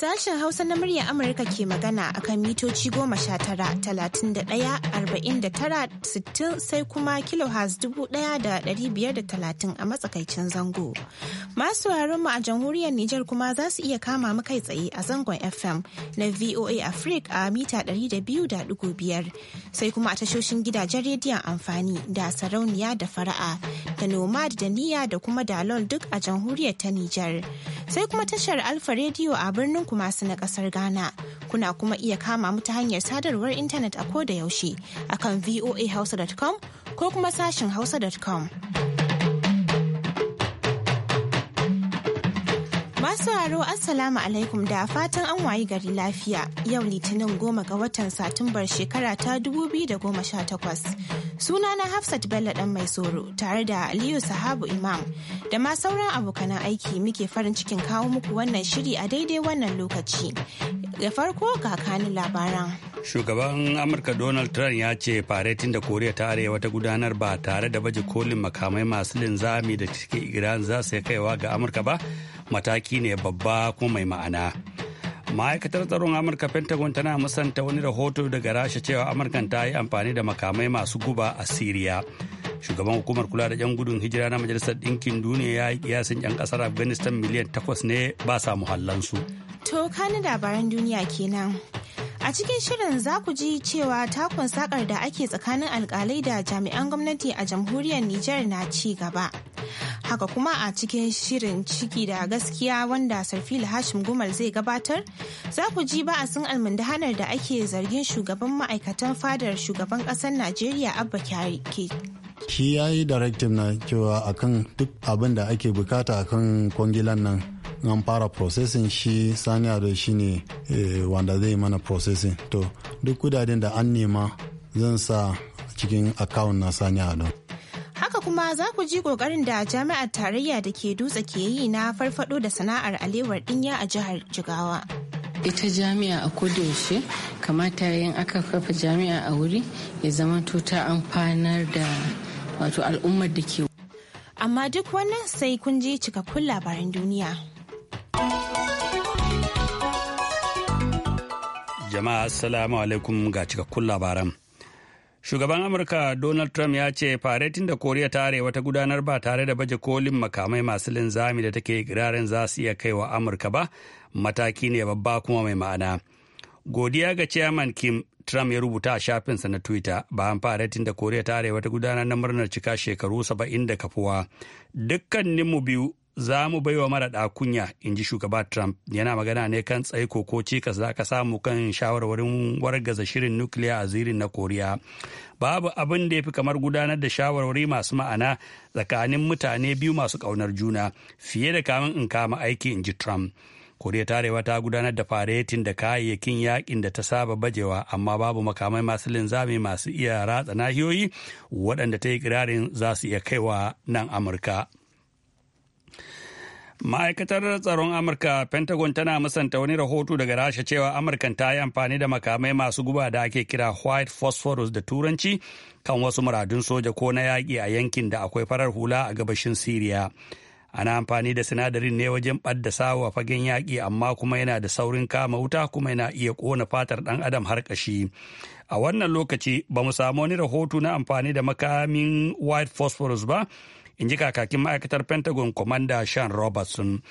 Sashen Hausa na murya Amurka ke magana a kan mitoci goma sha tara, talatin da ɗaya, arba'in da tara, sittin sai kuma kilohaz dubu ɗaya da ɗari biyar da talatin a matsakaicin zango. Masu mu a jamhuriyar Nijar kuma za su iya kama mu kai tsaye a zangon FM na VOA Africa a mita ɗari da biyu da ɗigo biyar. Sai kuma a tashoshin gidajen rediyon amfani da sarauniya da fara'a da nomad da Niya da kuma dalol duk a jamhuriyar ta Nijar. Sai kuma tashar Alfa rediyo a birnin su na kasar Ghana. Kuna kuma iya kama mu ta hanyar sadarwar intanet a ko da yaushe akan voahausa.com ko kuma sashin hausa.com. Masu haro Assalamu alaikum da fatan an wayi gari lafiya yau litinin goma ga watan Satumbar shekara ta 2018. na Hafsat Bello dan mai soro tare da Aliyu Sahabu Imam da ma sauran abokanan aiki muke farin cikin kawo muku wannan shiri a daidai wannan lokaci. ga farko ga labaran. Shugaban Amurka Donald Trump ya ce faretin da Koriya ta Arewa ta gudanar ba tare da baje kolin makamai masu linzami da cike Iran za su kaiwa ga Amurka ba mataki ne babba kuma mai ma'ana ma'aikatar tsaron amurka pentagon tana musanta wani rahoto daga rasha cewa amurkan ta yi amfani da makamai masu guba a siriya shugaban hukumar kula da yan gudun hijira na majalisar ɗinkin duniya ya yi kiyasin yan ƙasar afghanistan miliyan takwas ne ba sa muhallansu to kanin labaran duniya kenan A cikin shirin za ku ji cewa takon sakar da ake tsakanin alkalai da jami'an gwamnati a jamhuriyar Nijar na ci gaba. Haka kuma a cikin shirin ciki da gaskiya wanda Sarfil Hashim Gumal zai gabatar, za ku ji sun almundahanar da ake zargin shugaban ma'aikatan fadar shugaban ƙasar Najeriya Abba Kyari Shi ya yi na cewa akan duk abin da ake bukata akan kwangilan nan. an fara processing shi sani ado shi ne eh, wanda zai mana processing to duk kudaden da an nema zan sa cikin account na sani ado haka kuma za ku ji kokarin da jami'ar tarayya da ke dutse ke yi na farfado da sana'ar alewar dinya a jihar jigawa ita jami'a a kodayaushe kamata yin aka kafa jami'a a wuri ya zama tuta fanar da wato al'ummar da ke amma duk wannan sai kun ji cikakkun labaran duniya Jama'a Assalamu alaikum ga cikakkun labaran. Shugaban Amurka Donald Trump ya ce faretin da Koriya ta Arewa ta gudanar ba tare da baje kolin makamai masu linzami da take kirarin za su iya kaiwa Amurka ba mataki ne babba kuma mai ma'ana. Godiya ga Chairman Kim Trump ya rubuta a shafinsa na Twitter bayan faretin da Koriya ta Arewa ta gudanar na murnar cika shekaru saba'in da kafuwa. Dukkaninmu biyu za mu baiwa maraɗa kunya in ji shugaba trump yana magana ne kan tsaiko ko cikas za ka samu kan shawarwarin wargaza shirin nukiliya a zirin na koriya babu abin da ya fi kamar gudanar da shawarwari masu ma'ana tsakanin mutane biyu masu ƙaunar juna fiye da kamin in kama aiki in ji trump koriya ta arewa ta gudanar da faretin da kayayyakin yakin da ta saba bajewa amma babu makamai masu linzami masu iya ratsa nahiyoyi waɗanda ta yi kirarin za su iya kaiwa nan amurka Ma'aikatar tsaron Amurka Pentagon tana musanta wani rahoto daga Rasha cewa amurka ta yi amfani da makamai masu guba da ake kira white phosphorus da turanci kan wasu muradun soja ko na yaƙi a yankin da akwai farar hula a gabashin Siriya. Ana amfani da sinadarin ne wajen ɓadda sawa fagen yaƙi amma kuma yana da saurin kama wuta kuma yana iya ƙona fatar ɗan adam har ƙashi. A wannan lokaci ba mu samu wani rahoto na amfani da makamin white phosphorus ba. in ji kakakin ma'aikatar pentagon commander sean robertson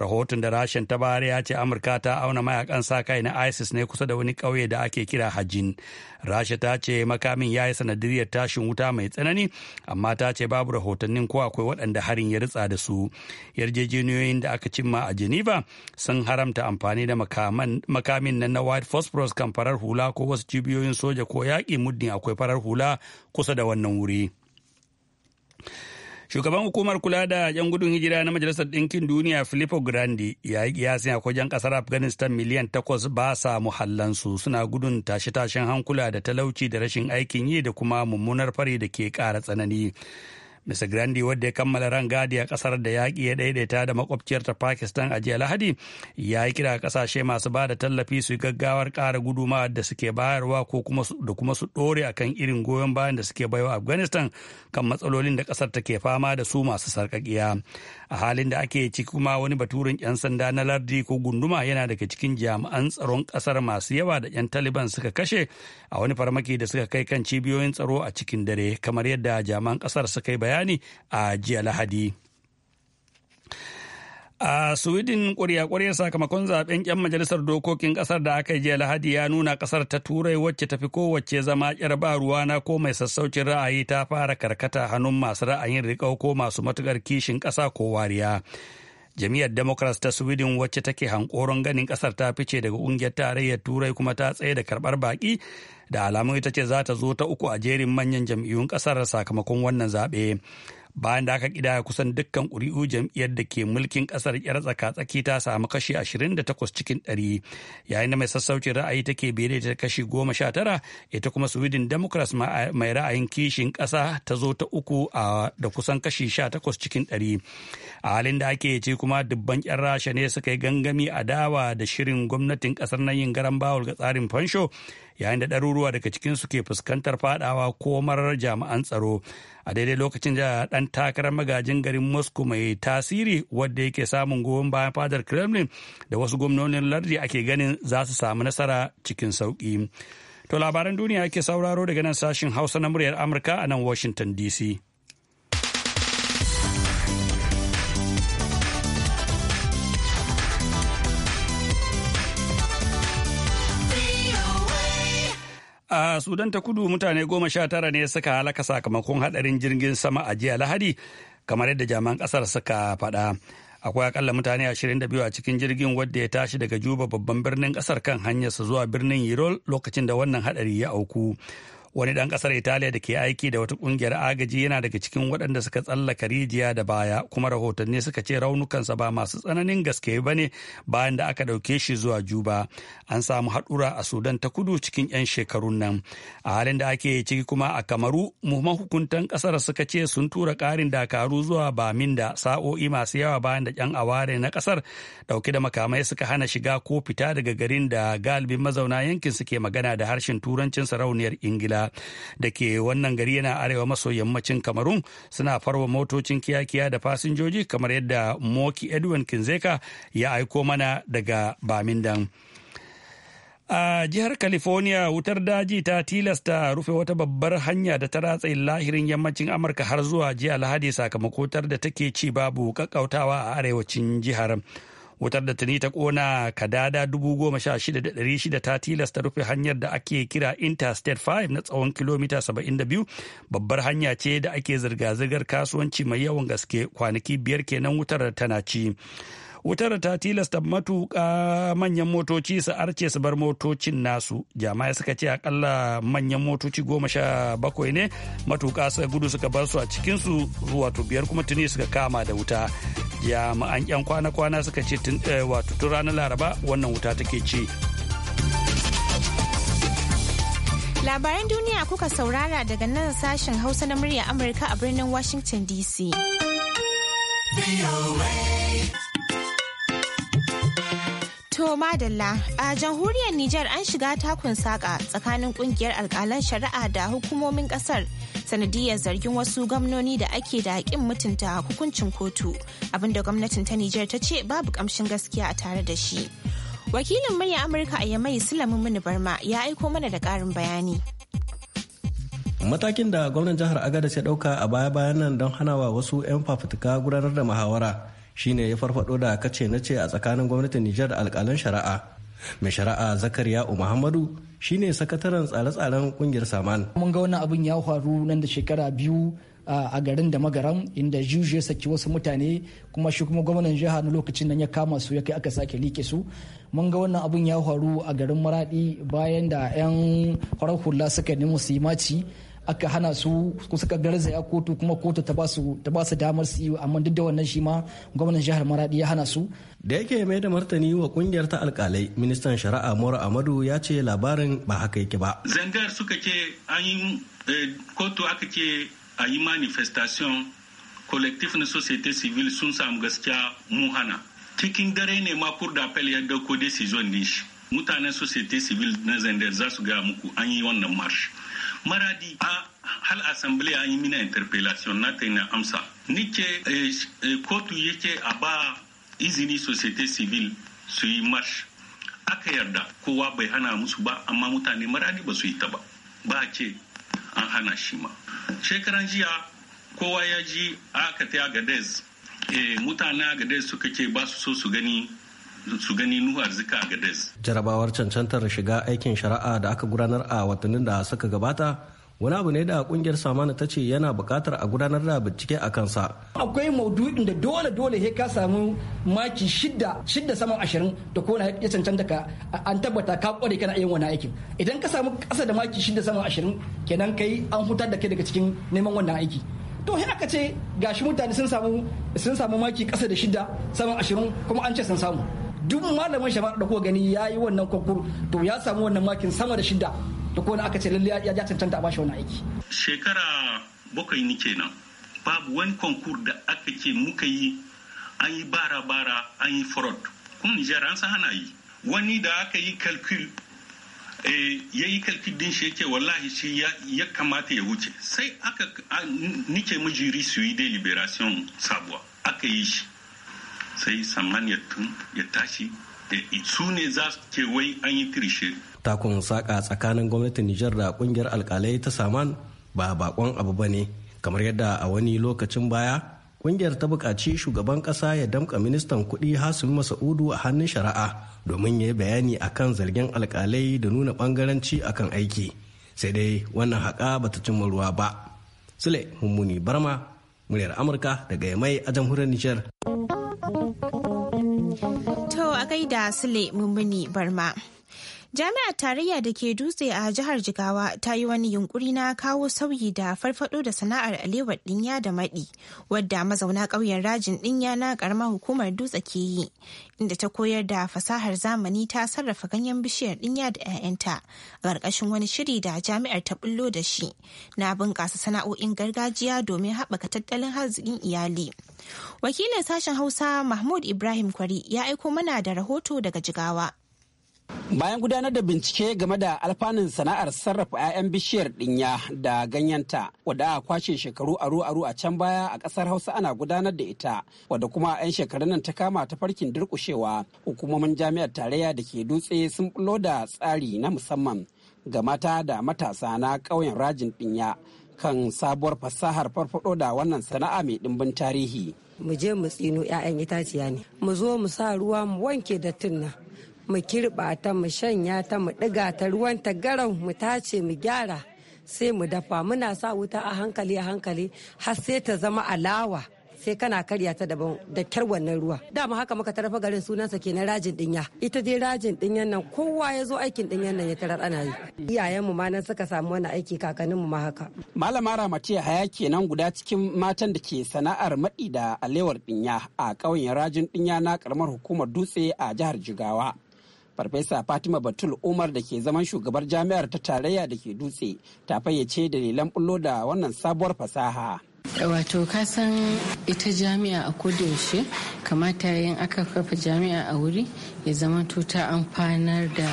rahoton da rashin ta bayar ya ce amurka ta auna mayakan sa kai na isis ne kusa da wani kauye da ake kira hajjin rasha ta ce makamin ya yi sanadiriyar tashin wuta mai tsanani amma ta ce babu rahotannin ko akwai waɗanda harin ya ritsa da su yarjejeniyoyin da aka cimma a geneva sun haramta amfani da makamin nan na white phosphorus kan farar hula ko wasu cibiyoyin soja ko yaƙi muddin akwai farar hula kusa da wannan wuri. Shugaban hukumar kula da 'yan gudun hijira na Majalisar Ɗinkin Duniya Filippo Grandi ya yi kiyasin akwai 'yan ƙasar Afghanistan miliyan takwas ba sa muhallansu suna gudun tashe-tashen hankula da talauci da rashin aikin yi da kuma mummunar fari da ke ƙara tsanani. Mr. Grandi wadda ya kammala rangadi a kasar da yaƙi ya daidaita da makwabciyar ta Pakistan a jiya Lahadi ya yi kira kasashe masu ba da tallafi su yi gaggawar ƙara guduma da suke bayarwa ko da kuma su ɗore akan irin goyon bayan da suke baiwa Afghanistan kan matsalolin da ƙasar take fama da su masu sarƙaƙiya. A halin da ake ciki kuma wani baturin 'yan sanda na lardi ko gunduma yana daga cikin jami'an tsaron kasar masu yawa da 'yan Taliban suka kashe a wani farmaki da suka kai kan cibiyoyin tsaro a cikin dare kamar yadda jami'an ƙasar suka yi bayani bayani a jiya lahadi a sweden ƙwarya sakamakon zaɓen 'yan majalisar dokokin ƙasar da aka yi jiya lahadi ya nuna ƙasar ta turai wacce tafi kowace zama ƙyar ba ruwa na ko mai sassaucin ra'ayi ta fara karkata hannun masu ra'ayin riƙau ko masu matuƙar kishin ƙasa ko wariya jam'iyyar democrats ta sweden wacce take hankoron ganin kasar ta fice daga kungiyar tarayyar turai kuma ta tsaye da karbar baki da alamun ita ce za ta zo ta uku a jerin manyan jam'iyyun kasar sakamakon wannan zaɓe bayan da aka kidaya kusan dukkan kuri'u jam'iyyar da ke mulkin kasar yar tsaka-tsaki ta samu kashi 28 cikin 100 yayin da mai sassaucin ra'ayi take bere ta kashi 19 ita kuma sweden democrats mai ra'ayin kishin ƙasa ta zo ta uku a da kusan kashi 18 cikin 100 a halin da ake ce kuma dubban yan rasha ne suka yi gangami a dawa da shirin gwamnatin ƙasar nan yin garan bawul ga tsarin fansho yayin da ɗaruruwa daga cikinsu ke fuskantar fadawa ko marar jami'an tsaro a daidai lokacin da ɗan takarar magajin garin moscow mai tasiri wadda yake samun goyon bayan fadar kremlin da wasu gwamnonin lardi ake ganin za su samu nasara cikin sauƙi to labaran duniya ake sauraro daga nan sashin hausa na muryar amurka a nan washington dc A Sudan ta kudu mutane goma sha tara ne suka halaka sakamakon hadarin jirgin sama a jiya Lahadi kamar yadda jaman kasar suka faɗa. Akwai akalla mutane ashirin da biyu a cikin jirgin wadda ya tashi daga Juba babban birnin kasar kan hanyarsa zuwa birnin Yirol lokacin da wannan hadari ya auku. wani ɗan ƙasar italiya da ke aiki da wata ƙungiyar agaji yana daga cikin waɗanda suka tsallaka rijiya da baya kuma rahotanni suka ce raunukansa ba masu tsananin gaske ba ne bayan da aka ɗauke shi zuwa juba an samu haɗura a sudan ta kudu cikin 'yan shekarun nan a halin da ake ciki kuma a kamaru muhimman hukuntan ƙasar suka ce sun tura ƙarin dakaru zuwa baminda sa'o'i masu yawa bayan da 'yan aware na ƙasar ɗauke da makamai suka hana shiga ko fita daga garin da galibin mazauna yankin suke magana da harshen turancin sarauniyar ingila bindiga da ke wannan gari yana arewa maso yammacin kamarun suna farwa motocin kiyakiya da fasinjoji kamar yadda moki edwin kinzeka ya aiko mana daga bamindan. a jihar california wutar daji ta tilasta rufe wata babbar hanya da ta ratsa lahirin yammacin amurka har zuwa jiya lahadi sakamakotar da take ci babu kakkautawa a arewacin jihar wutar da tuni ta kona kadada dubu goma shida ta tilasta rufe hanyar da ake kira interstate 5 na tsawon kilomita 72 babbar hanya ce da ake zirga-zirgar kasuwanci mai yawan gaske kwanaki biyar kenan wutar tana ci wutar ta tilasta matuƙa manyan motoci su arce su bar motocin nasu jama'a suka ce akalla manyan motoci goma sha bakwai ne matuƙa suka gudu suka bar su a cikinsu wato biyar kuma tuni suka kama da wuta jami'an 'yan kwana-kwana suka ce eh, wato tun ranar laraba wannan wuta take ci labaran duniya kuka saurara daga nan sashen hausa na murya amurka a birnin washington dc To Madalla, a jamhuriyar Nijar an shiga takun saƙa tsakanin kungiyar alƙalan shari'a da hukumomin ƙasar sanadiyar zargin wasu gwamnoni da ake da haƙin mutunta hukuncin kotu abinda gwamnatin ta Nijar ta ce babu ƙamshin gaskiya a tare da shi. Wakilin murya Amurka a Yamai Sulamin Mini Barma ya aiko mana da ƙarin bayani. Matakin da gwamnan jihar Agadez ya ɗauka a baya-bayan nan don hanawa wasu 'yan fafutuka gudanar da muhawara shine ya farfado da kace na ce a tsakanin gwamnatin Nijar da alkalan shari'a. Mai shari'a Zakariya Muhammadu shine sakataren tsare-tsaren kungiyar Saman. Mun ga wannan abin ya faru nan da shekara biyu a garin da magaram inda juju ya saki wasu mutane kuma shi kuma gwamnan jiha na lokacin nan ya kama su ya kai aka sake like su mun ga wannan abin ya faru a garin maradi bayan da 'yan farar hula suka nemi su yi maci aka hana su suka garzaya kotu kuma kotu ta ba su damar su yi amma duk da wannan shi ma gwamnan jihar maradi ya hana su da yake mai da martani wa kungiyar ta alkalai ministan shari'a mora amadu ya ce labarin ba haka yake ba zangar suka ce an yi eh, kotu aka ce a yi manifestation collectif na société civile sun samu gaskiya mu hana cikin dare ne ma kur da ya dauko decision din shi mutanen société civile na zandar za su gaya muku an yi wannan marche maradi a hal assembly an yi mina interpellation na ta na amsa ni nike eh, eh, kotu yake a ba izini societe civile su yi march aka yarda kowa bai hana musu ba amma mutane maradi ba su yi ta ba ba ce an hana shi ma shekaran jiya kowa ya ji aka ta agadez eh, mutane agadez suka ce ba su so su gani su gani nuhu arzika ga des. jarabawar cancantar shiga aikin shari'a da aka gudanar a watannin da suka gabata wani abu ne da kungiyar samana ta ce yana bukatar a gudanar da bincike a kansa akwai maudu'in da dole dole he ka samu maki shidda shidda saman ashirin da kona ya cancanta ka an tabbata ka kware kana yin wani aikin idan ka samu kasa da maki shidda saman ashirin kenan kai an hutar da kai daga cikin neman wannan aiki to sai aka ce gashi mutane sun samu sun samu maki kasa da shidda saman ashirin kuma an ce sun samu duk malamin shafa da kuka gani ya yi wannan konkur to ya samu wannan makin sama da shida da kowane aka ce lalle ya cancanta a bashi wani aiki. shekara bakwai ni kenan babu wani konkur da aka ce muka yi an yi bara-bara an yi fraud kuma nijar an san hana yi wani da aka yi kalkul eh, ya yi kalkul din shi yake wallahi shi ya kamata ya wuce sai aka nike mijiri su yi deliberation sabuwa aka yi shi sai saman ya tashi da su ne za su ke wai an yi tirishe. takun saka tsakanin gwamnatin nijar da kungiyar alkalai ta saman ba bakon abu ba ne kamar yadda a wani lokacin baya kungiyar ta bukaci shugaban ƙasa ya damka ministan kuɗi hasumi masa'udu a hannun shari'a domin ya yi bayani akan zargin alkalai da nuna ɓangaranci akan aiki sai dai wannan haƙa bata cimma ruwa ba sule mummuni barma muryar amurka daga yamai a jamhuriyar nijar. To a gaida Sule mummuni barma. Jami'ar tarayya da ke dutse a jihar Jigawa ta yi wani yunkuri na kawo sauyi da farfado da sana'ar alewar dinya da maɗi, wadda mazauna ƙauyen rajin dinya na ƙaramar hukumar dutse ke yi, inda ta koyar da fasahar zamani ta sarrafa ganyen bishiyar dinya da 'ya'yanta a ƙarƙashin wani shiri da jami'ar ta bullo da shi na bunƙasa sana'o'in gargajiya domin haɓaka tattalin arzikin iyali. Wakilin sashen Hausa Mahmud Ibrahim Kwari ya aiko mana da rahoto daga Jigawa. Bayan gudanar da bincike game da alfanun sana'ar sarrafa 'ya'yan bishiyar ɗinya da ganyanta, wadda a kwashe shekaru aru-aru a can baya a ƙasar Hausa ana gudanar da ita wadda kuma 'yan shekarun nan ta kama ta farkin durƙushewa hukumomin jami'ar tarayya da ke dutse sun bulo da tsari na musamman ga mata da matasa na ƙauyen rajin ɗinya kan sabuwar fasahar farfaɗo da wannan sana'a mai ɗimbin tarihi. Mu je mu tsino 'ya'yan itaciya ne, mu zo mu sa ruwa mu wanke dattin nan. mu kirɓa ta mu shanya ta mu ɗiga ta ruwan ta garau mu tace mu gyara sai mu dafa muna sa wuta a hankali a hankali har sai ta zama alawa sai kana karya ta daban da kyar wannan ruwa dama haka muka tarafa garin sunansa kenan rajin dinya ita dai rajin dinyan nan kowa ya zo aikin dinyan nan ya tarar ana yi iyayen mu ma nan suka samu wani aiki kakanin mu ma haka malama ramatiya haya kenan guda cikin matan da ke sana'ar maɗi da alewar dinya a ƙauyen rajin dinya na karamar hukumar dutse a jihar jigawa Farfesa Fatima Batul Umar da ke zaman shugabar jami'ar ta tarayya da ke dutse ta fayyace dalilan bullo da wannan sabuwar fasaha. wato kasan ita jami'a a kodayaushe kamata yin aka kafa jami'a a wuri ya zama ta amfanar da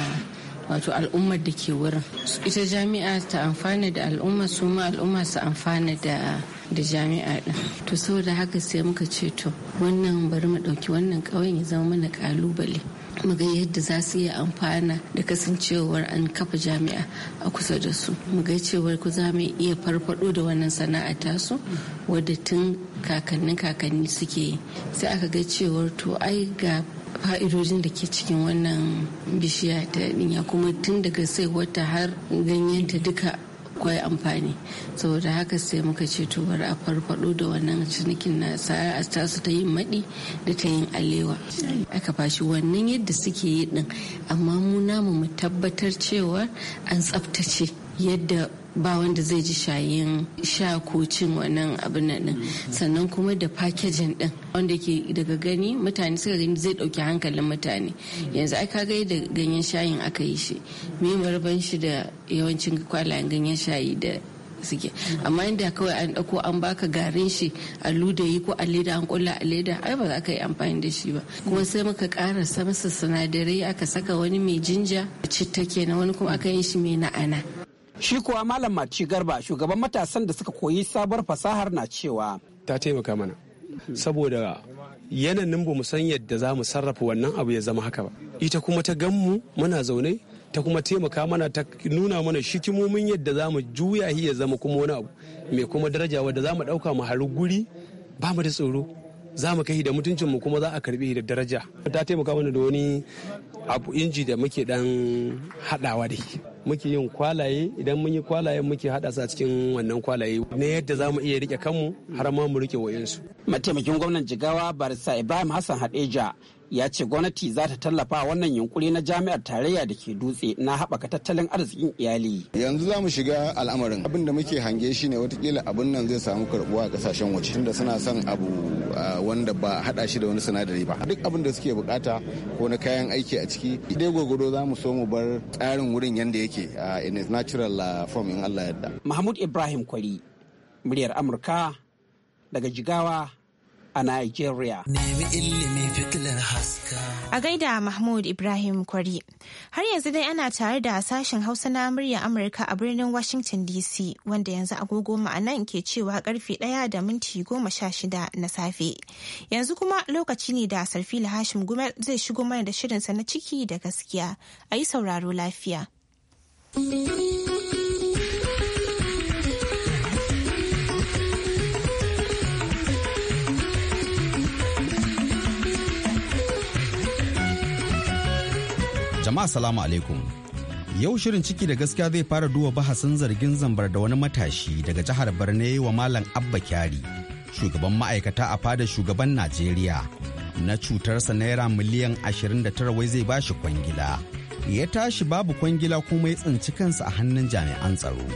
wato al'ummar da ke wurin ita jami'a ta amfana da al'umma su ma al'umma su amfana da da jami'a din to saboda haka sai muka ce to wannan bari mu ɗauki wannan ƙauyen ya zama mana ƙalubale mu ga yadda za su yi amfana da kasancewar an kafa jami'a a kusa da su mu ga cewar ku za mu iya farfado da wannan sana'a ta su wadda tun kakannin kakanni suke yi sai aka ga cewar to ai ga fa'idojin da ke cikin wannan bishiya ta dinya kuma tun daga sai wata har ganyenta duka akwai amfani saboda haka sai muka ce to bari a farfado da wannan cinikin na sa'a ta su ta yin maɗi da ta yin alewa aka fashi wannan yadda suke yi ɗin amma mu namu mu tabbatar cewa an tsaftace yadda ba wanda zai ji shayin sha ko cin wannan abin nan din sannan kuma da fakejin din wanda ke daga gani mutane suka gani zai dauki hankalin mutane yanzu ai kaga da ganyen shayin aka yi shi me marban shi da yawancin kwalayen ganyen shayi da suke amma inda kawai an dauko an baka garin shi a ludayi ko a leda an kulla a leda ai ba za ka yi amfani da shi ba kuma sai muka ƙara masa sinadarai aka saka wani mai jinja citta kenan wani kuma aka yi shi mai na'ana Shi kuwa Malam Mati Garba shugaban matasan da suka koyi sabuwar fasahar na cewa. Ta taimaka mana. Saboda yananin ba mu san yadda za mu sarrafa wannan abu ya zama haka ba. Ita kuma ta ganmu muna zaune ta kuma taimaka mana ta nuna mana shikimomin yadda za mu juya ya zama kuma wani abu mai kuma daraja wadda za mu ɗauka mu haru guri ba mu da tsoro za mu kai da mutuncinmu kuma za a karbi da daraja ta taimaka mana da wani abu inji da muke dan haɗawa da shi muke yin kwalaye idan mun yi kwalaye muke haɗa su a cikin wannan kwalaye na yadda za mu iya rike kanmu har ma mu rike wayansu. Mataimakin gwamnan Jigawa Barisa Ibrahim Hassan Hadeja ya ce gwamnati za ta tallafa wannan yunkuri na jami'ar tarayya da ke dutse na haɓaka tattalin arzikin iyali. Yanzu za mu shiga al'amarin abin da muke hange shi ne watakila abin nan zai samu karɓuwa a ƙasashen waje tunda suna son abu wanda ba haɗa shi da wani sinadari ba. Duk abin da suke bukata ko na kayan aiki a ciki dai gwagwado za mu so mu bar tsarin wurin yanda yake in its natural uh, form in Allah yadda. Mahmud Ibrahim Kwari, muryar Amurka daga Jigawa a Nigeria. A gaida Mahmud Ibrahim Kwari. Har yanzu dai ana tare da sashen Hausa na murya Amurka a birnin Washington DC wanda yanzu agogo ma'anan ke cewa karfe ɗaya da minti goma sha shida na safe. Yanzu kuma lokaci ne da Sarfila Hashim Gumel zai shigo mana da shirinsa na ciki da gaskiya. A yi sauraro lafiya. Jama'a salamu alaikum. Yau shirin ciki da gaskiya zai fara duba bahasin zargin zambar da wani matashi daga jihar Barne wa Malam Abba Kyari, shugaban ma'aikata a fadar shugaban Najeriya. Na cutarsa naira miliyan tara wai zai bashi kwangila. Ya tashi babu kwangila kuma ya tsinci kansa a hannun jami'an tsaro.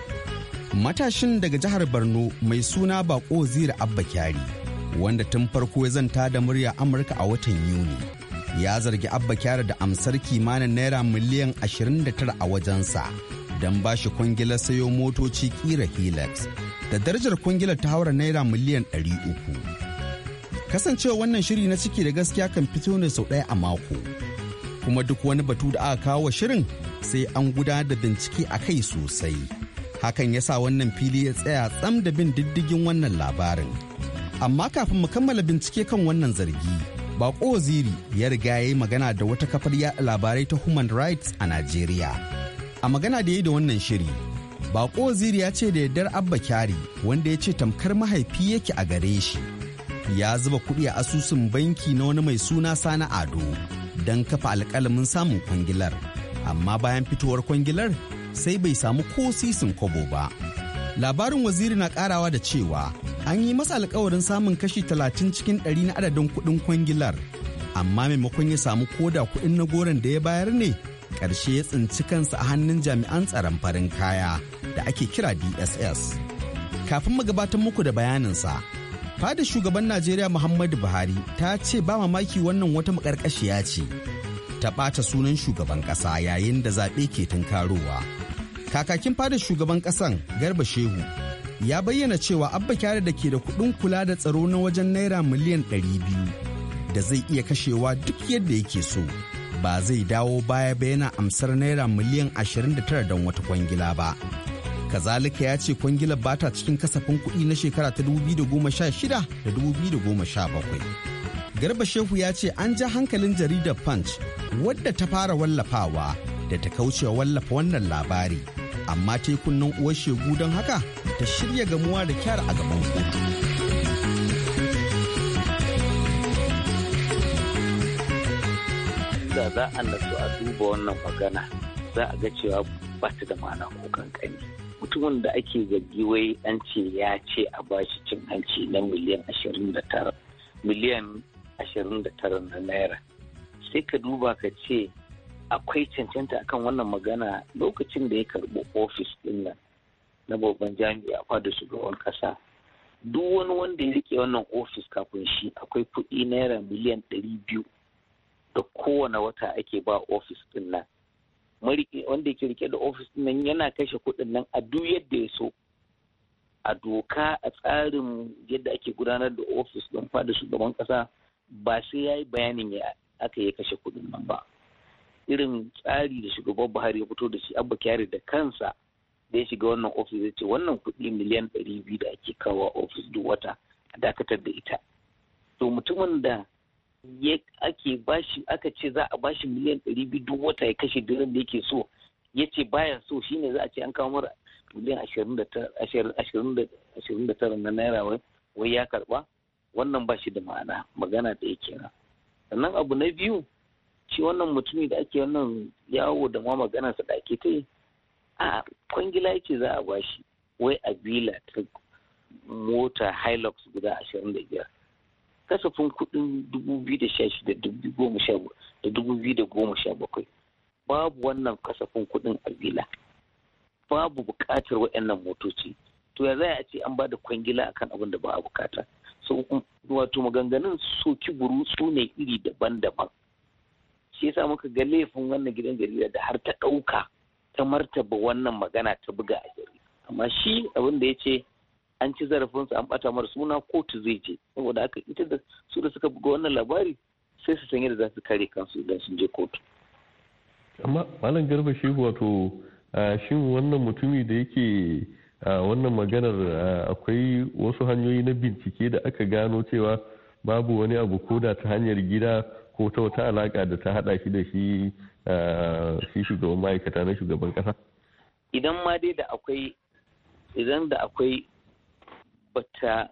Matashin daga jihar Borno mai suna Bako Zira Abba Kyari, wanda tun farko ya zanta da murya Amurka a watan Yuni. ya zargi abba kyara da amsar kimanin naira miliyan 29 a wajensa don ba shi kwangilar sayo motoci kira helix da darajar kwangilar ta haura naira miliyan 300 kasancewa wannan shiri na ciki da gaskiya kan fito ne sau ɗaya a mako kuma duk wani batu da aka kawo shirin sai an gudanar da bincike a kai sosai hakan ya sa wannan fili ya tsaya tsam da bin diddigin wannan labarin amma kafin mu kammala bincike kan wannan zargi Bako Waziri ya riga ya yi magana da wata kafar yaɗa labarai ta Human Rights a Najeriya. A magana da ya yi da wannan shiri, Bako Waziri ya ce da yardar Abba Kyari wanda ya ce tamkar mahaifi yake a gare shi. Ya zuba kuɗi a asusun banki na wani mai suna Sani Ado don kafa alƙalamin samun kwangilar. Amma bayan fitowar kwangilar sai bai samu ko sisin kobo ba. Labarin waziri na ƙarawa da cewa An yi masa alkawarin samun kashi talatin cikin ɗari na adadin kuɗin kwangilar, amma maimakon ya samu koda kuɗin na goron da ya bayar ne, ƙarshe ya tsinci kansa a hannun jami'an tsaron farin kaya da ake kira DSS. Kafin mu gabatar muku da bayaninsa, fada shugaban Najeriya Muhammadu Buhari ta ce ba mamaki wannan wata makarkashiya ce. Ta ɓata sunan shugaban ƙasa yayin da zaɓe ke tunkarowa. Kakakin fada shugaban ƙasan Garba Shehu ya bayyana cewa abba kyare da ke da kuɗin kula da tsaro na wajen naira miliyan 200 da zai iya kashewa duk yadda yake so ba zai dawo baya ba yana amsar naira miliyan 29 don wata kwangila ba kazalika ya ce kwangila ba ta cikin kasafin kuɗi na shekara ta 2016 da 2017 Garba Shehu ya ce an ja hankalin jaridar Punch wadda ta fara wallafawa da ta kauce wallafa wannan labari amma ta yi uwar shegu don haka ta shirya gamuwa da kyara a gaban Da za a nasu a duba wannan magana za a ga cewa ba ta da ma'ana ko kankani. Mutumin da ake zargi wai an ce ya ce a bashi cin hanci na miliyan ashirin Miliyan ashirin da tara na naira. Sai ka duba ka ce akwai cancanta akan wannan magana lokacin da ya karbi ofis ɗin nan na babban jami'a fada shugaban ƙasa duk wani wanda ya rike wannan ofis kafin shi akwai kuɗi naira miliyan ɗari biyu da kowane wata ake ba ofis ɗin nan wanda yake rike da ofis nan yana kashe kuɗin nan a duk yadda ya so a doka a tsarin yadda ake gudanar da ofis don fada shugaban ƙasa ba sai ya yi bayanin ya aka yi kashe kuɗin nan ba. irin tsari da shugaban buhari ya fito da shi abba kyari da kansa da ya shiga wannan ofis ya ce wannan kuɗi miliyan ɗari biyu da ake kawo ofis duk wata a dakatar da ita to mutumin da ya ake bashi aka ce za a bashi miliyan ɗari biyu duk wata ya kashe diran da yake so ya ce baya so shine za a ce an kawo mara miliyan ashirin da tara na naira wai ya karba wannan ba shi da ma'ana magana da yake nan sannan abu na biyu shi wannan mutumi da ake wannan yawo da ma magana sa da ake ta yi a kwangila yake za a bashi wai a bila ta mota hilux guda ashirin da biyar kasafin kudin dubu biyu da sha shida da dubu biyu goma sha bakwai babu wannan kasafin kudin a bila babu bukatar waɗannan motoci to ya za a ce an ba da kwangila akan abin da ba a bukata wato maganganun soki burutsu ne iri daban-daban shi yasa muka ga laifin wannan gidan jarida da har ta ɗauka ta martaba wannan magana ta buga a jarida amma shi abin da ya ce an ci zarafinsa an ɓata mara suna kotu zai je saboda haka ita da su da suka buga wannan labari sai su san da za su kare kansu idan sun je kotu amma malam garba shi wato shin wannan mutumi da yake wannan maganar akwai wasu hanyoyi na bincike da aka gano cewa babu wani abu koda ta hanyar gida ko ta wata alaka da ta haɗa shi da shi eh, shi shugaban ma'aikata na shugaban ƙasa? idan ma dai da akwai idan da akwai bata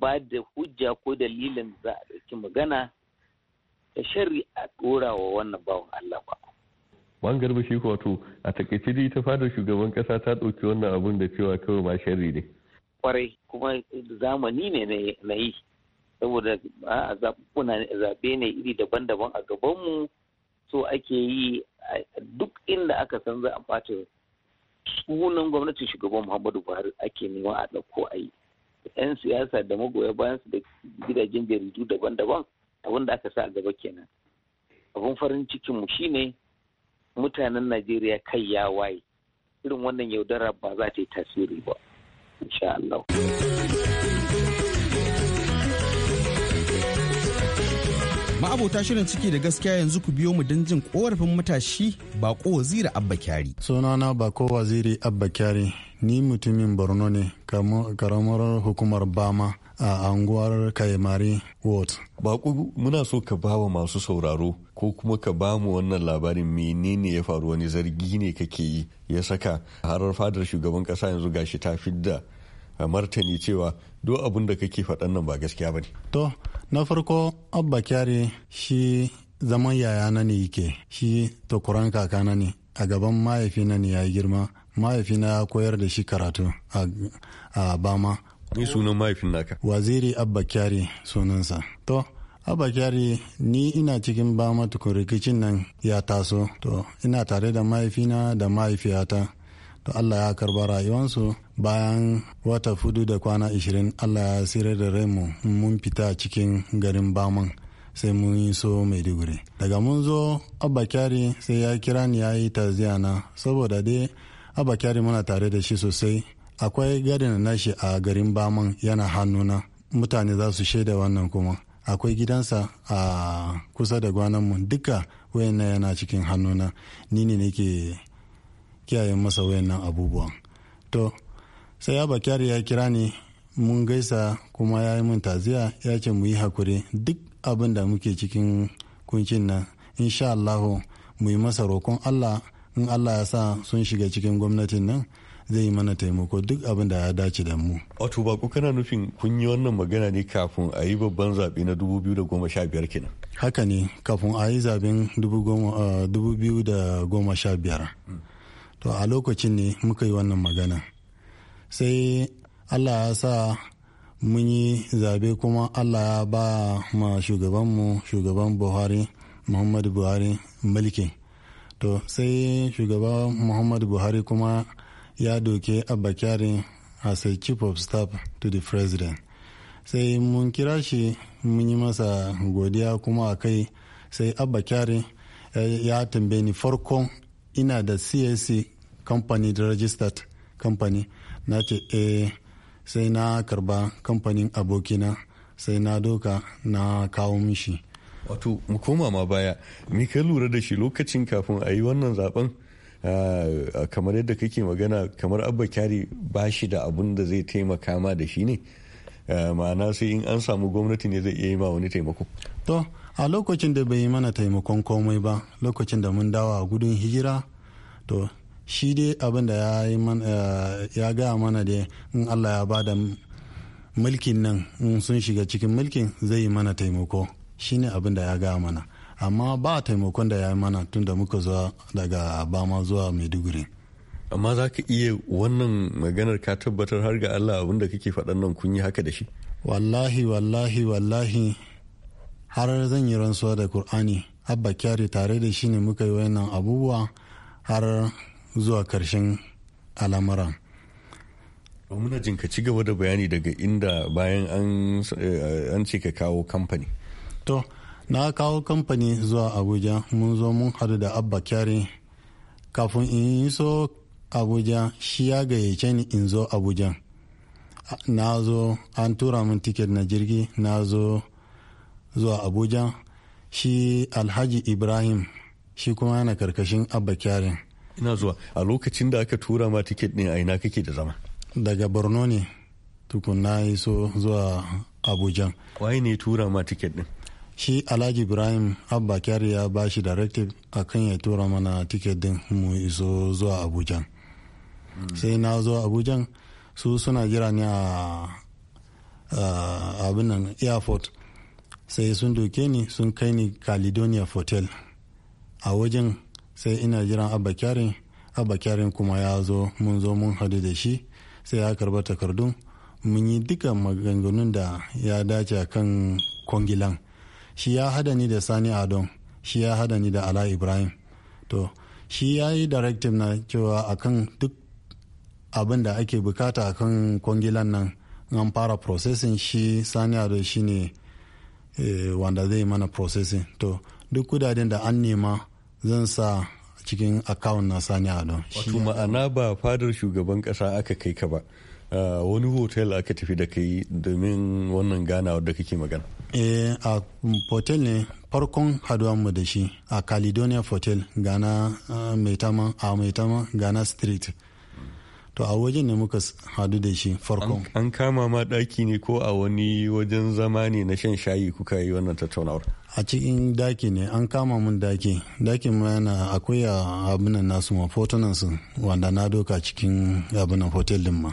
ba da hujja ko dalilin za a ɗauki magana da shari a ɗora wa wannan bawan Allah ba. Wan garba shi wato a takaice dai ta fadar shugaban ƙasa ta ɗauki wannan abun da cewa kawai ma shari ne. Kwarai kuma zamani ne na yi. saboda a zaɓe ne iri daban-daban a gabanmu so ake yi a duk inda aka san za a ɓata sunan gwamnatin shugaban muhammadu buhari ake neman a ɗauko a yi yan siyasa da magoya bayan su da gidajen jaridu daban-daban abin da aka sa a gaba kenan abin farin cikin mu shine mutanen najeriya kai ya waye irin wannan yaudara ba za ta yi tasiri ba insha ma'abota shirin ciki da gaskiya yanzu ku biyo mu don jin korafin matashi bako waziri abba kyari sunana bako waziri abba kyari ni mutumin borno ne karamar hukumar bama a anguwar kaimari ward baku muna so ka ba wa masu sauraro ko kuma ka ba mu wannan labarin menene ya faru wani zargi ne kake yi ya saka harar fadar shugaban kasa yanzu gashi ta fidda a martani cewa duk abin da kake faɗan nan ba gaskiya ba ne. To, na farko abba kyare shi zaman yaya na ne yake shi tukuran kaka na ne a gaban mahaifina ne ya yi girma mahaifina ya koyar da shi karatu a bama. Ni sunan mahaifin naka. Waziri abba kyare sunansa. To, abba kyare ni ina cikin bama tukun rikicin nan ya taso. To, ina tare da mahaifina da mahaifiyata. to Allah ya karba rayuwansu bayan wata fudu da kwana 20 Allah ya sirar da raimu mun fita cikin garin baman sai mun yi so maiduguri daga mun zo abba kyari sai ya kira ni ya yi taziya na saboda dai abba kyari muna tare da shi sosai akwai gadin nashi a garin baman yana hannuna mutane za su shaida wannan kuma akwai gidansa a kusa da mu. duka wayan yana cikin hannuna ni ne nake kiyaye masa wayannan abubuwan to sai ya bakari ya kira ni mun gaisa kuma ya yi mun taziya ya ce mu yi hakuri duk abin da muke cikin kuncin nan insha Allahu mu yi masa roƙon Allah in Allah ya sa sun shiga cikin gwamnatin nan zai yi mana taimako duk abin da ya dace da mu. Wato ba ku kana nufin kun yi wannan magana ne kafin a yi babban zaɓe na 2015 kenan. Haka ne kafin a yi zaɓen 2015. to a lokacin ne muka yi wannan magana sai allah ya sa mun yi zabe kuma allah ya ba ma shugabanmu shugaban buhari muhammadu buhari mulkin to sai shugaban muhammadu buhari kuma ya doke abakari as a chief of staff to the president sai mun kira shi mun yi masa godiya kuma a kai sai abba kyari eh, ya tambaye ni farkon ina da csc company da registered company na ce eh sai na karba kamfanin abokina sai na doka na kawo mishi wato mu koma ma baya me ka lura da shi lokacin kafin a yi wannan zaben ah, kamar yadda kake magana kamar abba kyari ba shi da abun da zai taimaka ma da shi ne ah, ma'ana sai in an samu gwamnati ne zai iya yi ma wani taimako to a lokacin da bai yi mana taimakon komai ba lokacin da mun dawa gudun hijira to shi dai abin da eh, ya gaya mana dai in allah ya ba da mulkin nan in sun shiga cikin mulkin zai yi mana taimako shine abin da ya gaya mana amma ba taimakon da ya yi mana tun da muka zuwa daga bama zuwa maiduguri amma za ka iya wannan maganar ka tabbatar har ga allah abin da kake faɗan nan kun yi haka da shi wallahi wallahi wallahi har zan yi rantsuwa da kur'ani abba kyari tare da shi ne muka yi wannan abubuwa har zuwa karshen al'amuran muna jin ka ci gaba da bayani daga inda bayan eh, an ce ka kawo kamfani to na kawo kamfani zuwa abuja mun zo mun hadu da abba kyari kafin in yi so abuja shi ya gayyace ni in zo abuja na zo an tura min tiket na jirgi na zo zuwa abuja shi alhaji ibrahim shi kuma yana karkashin abba kyarin ina zuwa a lokacin da aka tura ma tiket ɗin a ina kake da zama daga borno ne na iso zuwa abuja waye ne tura ma tiket shi alhaji ibrahim abba kyari ya ba shi directive a kan ya tura mana tiket din mu iso zuwa abuja hmm. sai na zuwa abuja su suna jira ne a abinan nan airport sai sun doke ni sun kai ni caledonia hotel a wajen sai ina jiran abba kyarin abba kyarin kuma ya zo mun zo mun hadu da shi sai ya karba takardun mun yi duka maganganun da ya dace kan kwangilan shi ya hada ni da sani adon shi ya hada ni da ala ibrahim to shi ya yi directive na cewa akan duk abin da ake bukata akan kwangilan nan an fara processing shi sani adon shi ne eh, wanda zai mana processing to duk kudaden da an nema zan sa cikin account na sani ado wato ma'ana ba fadar shugaban kasa aka kai ka ba ah, wani hotel aka tafi da kai domin wannan ganawa da kake magana eh a hotel ne farkon mu da shi a caledonia hotel gana ah, maitama a tama gana street to a wajen ne muka hadu da shi farkon an kama ma daki ne ko a wani wajen zama ne na shan shayi kuka yi wannan tattaunawar a cikin daki ne an kama mun daki dakin ma yana akwai abinan nasu ma fotunan su wanda na doka cikin abinan hotel din ma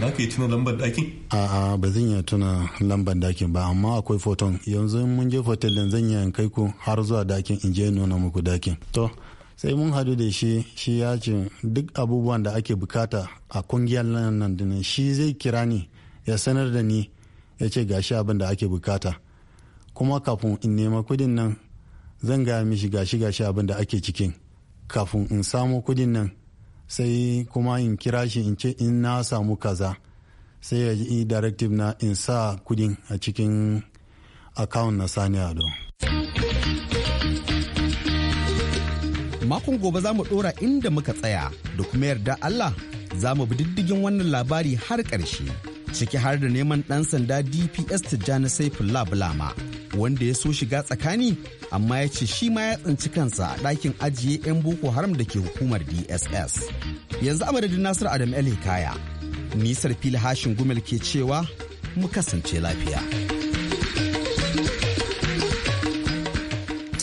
da mhm. tuna lambar dakin a a ba zan iya tuna lambar dakin ba amma akwai foton yanzu mun je hotel din zan iya kai ku har zuwa dakin in je nuna muku dakin to sai mun hadu da shi shi ya ce duk abubuwan da ake bukata a kungiyar nan shi zai kira ni ya sanar da ni ya ce gashi abin da ake bukata kuma kafin in nema kudin nan zan gaya mishi gashi gashi abin da ake cikin kafin in samu kudin nan sai kuma in kira shi in ce in na samu kaza sai ya ji directive na in sa kudin a cikin account na sani ado makon gobe za mu dora inda muka tsaya da kuma yarda allah za mu bi diddigin wannan labari har ƙarshe ciki har da neman ɗan sanda dps tijjani saifullah bulama wanda ya so shiga tsakani amma ya ce shi ma ya tsinci kansa a ɗakin ajiye 'yan boko haram da ke hukumar dss yanzu a madadin nasir adam el nisar fili hashin gumel ke cewa mu kasance lafiya.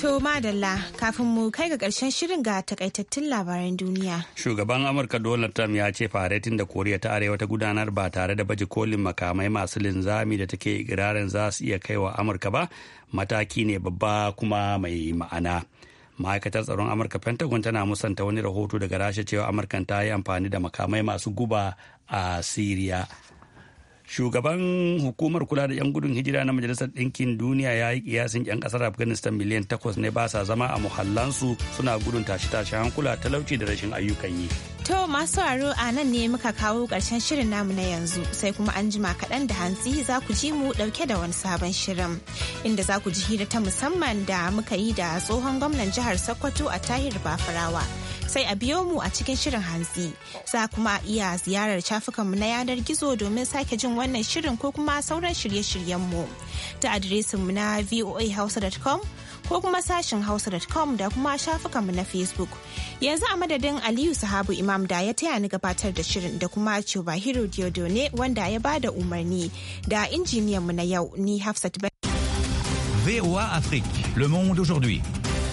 To madalla kafin mu kai ga ƙarshen shirin ga takaitattun labaran duniya. Shugaban Amurka Donald Trump ya ce faretin da Koriya ta Arewa ta gudanar ba tare da baje kolin makamai masu linzami da take ikirarin za su iya kaiwa Amurka ba mataki ne babba kuma mai ma'ana. Ma'aikatar tsaron Amurka Pentagon tana musanta wani rahoto daga Rasha cewa amurka ta yi amfani da makamai masu guba a Siriya. shugaban hukumar kula da 'yan gudun hijira na majalisar ɗinkin duniya ya yi kiyasin 'yan ƙasar afghanistan miliyan takwas ne ba sa zama a muhallansu suna gudun tashe tashi hankula talauci da rashin ayyukan yi to masu aro a nan ne muka kawo ƙarshen shirin namu na yanzu sai kuma an jima kaɗan da hantsi za ku ji mu ɗauke da wani sabon shirin inda za ku ji hira ta musamman da muka yi da tsohon gwamnan jihar sokoto a tahir bafarawa sai a biyo mu a cikin shirin hantsi za kuma a iya ziyarar shafukanmu na yanar gizo domin sake jin wannan shirin ko kuma sauran shirye shiryen mu ta mu na voahouse.com ko kuma sashin hausa.com da kuma shafukanmu na facebook yanzu a madadin aliyu sahabu imam da ya taya ni gabatar da shirin da kuma chubahiro ne wanda ya ba da umarni da injiniyanmu na yau ni hafsat voa afrique le monde aujourd'hui